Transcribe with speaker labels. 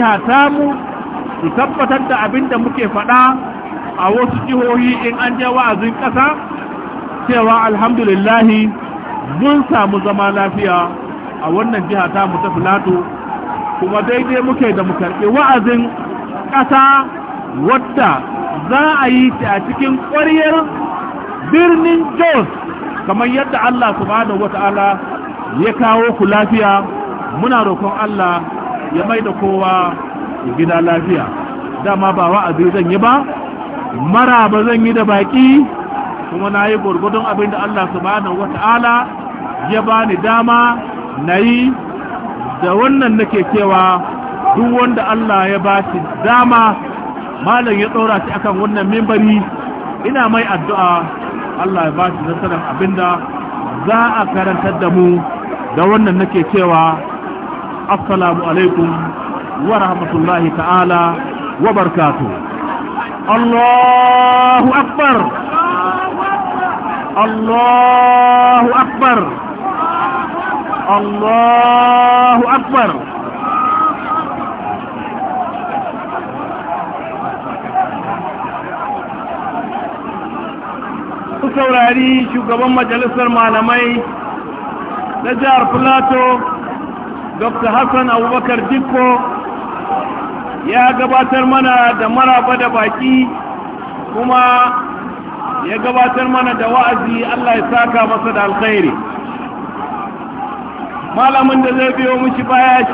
Speaker 1: jiha samu su tabbatar da abin da muke faɗa a wasu jihohi in an je wa'azin ƙasa cewa alhamdulillahi mun samu zama lafiya a wannan jiha ta ta filato kuma daidai muke da mu karɓi wa'azin ƙasa wadda za a yi ta a cikin ƙwaryar birnin jos kamar yadda allah subhanahu wata'ala ya kawo ku lafiya muna roƙon allah ya mai da kowa gida lafiya dama ba wa'azi zan yi ba mara ba zan yi da baki kuma na yi gurgudun abin da Allah subhanahu wata'ala ya bani dama na yi da wannan nake cewa duk wanda Allah ya ba shi dama malam ya ɗora shi akan wannan mimbari ina mai addu'a Allah ya ba shi nasarar abinda za a karantar da mu da wannan nake cewa السلام عليكم ورحمة الله تعالى وبركاته
Speaker 2: الله أكبر
Speaker 1: الله أكبر الله أكبر
Speaker 2: ku
Speaker 3: saurari shugaban majalisar malamai na jihar plateau dr hassan abubakar dikko ya gabatar mana da maraba da baki kuma ya gabatar mana da wa'azi allah ya saka masa da alkhairi malamin da zai biyo mushi baya